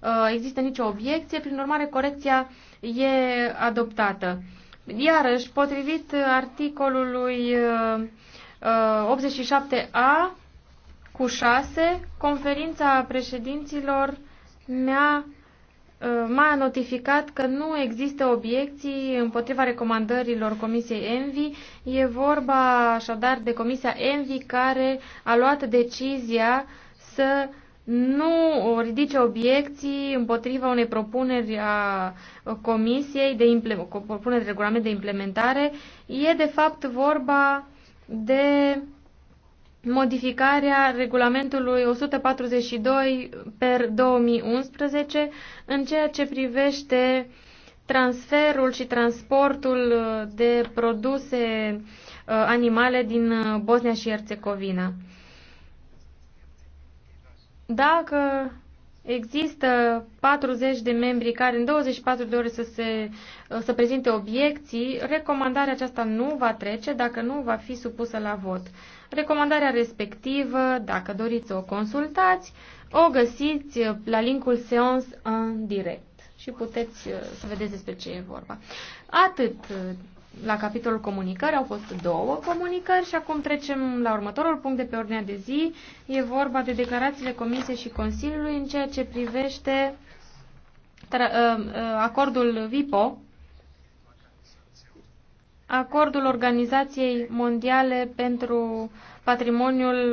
Uh, există nicio obiecție, prin urmare corecția e adoptată. Iarăși, potrivit articolului 87a uh, uh, cu 6, conferința președinților mi-a m-a notificat că nu există obiecții împotriva recomandărilor Comisiei Envi. E vorba așadar de Comisia Envi care a luat decizia să nu ridice obiecții împotriva unei propuneri a Comisiei de propunere de regulament de implementare. E de fapt vorba de modificarea regulamentului 142 per 2011 în ceea ce privește transferul și transportul de produse uh, animale din uh, Bosnia și Herțegovina. Dacă există 40 de membri care în 24 de ore să, se, să prezinte obiecții, recomandarea aceasta nu va trece dacă nu va fi supusă la vot. Recomandarea respectivă, dacă doriți să o consultați, o găsiți la linkul Seance în direct și puteți uh, să vedeți despre ce e vorba. Atât uh, la capitolul comunicări au fost două comunicări și acum trecem la următorul punct de pe ordinea de zi. E vorba de declarațiile Comisiei și Consiliului în ceea ce privește ă, ă, acordul VIPO, acordul Organizației Mondiale pentru Patrimoniul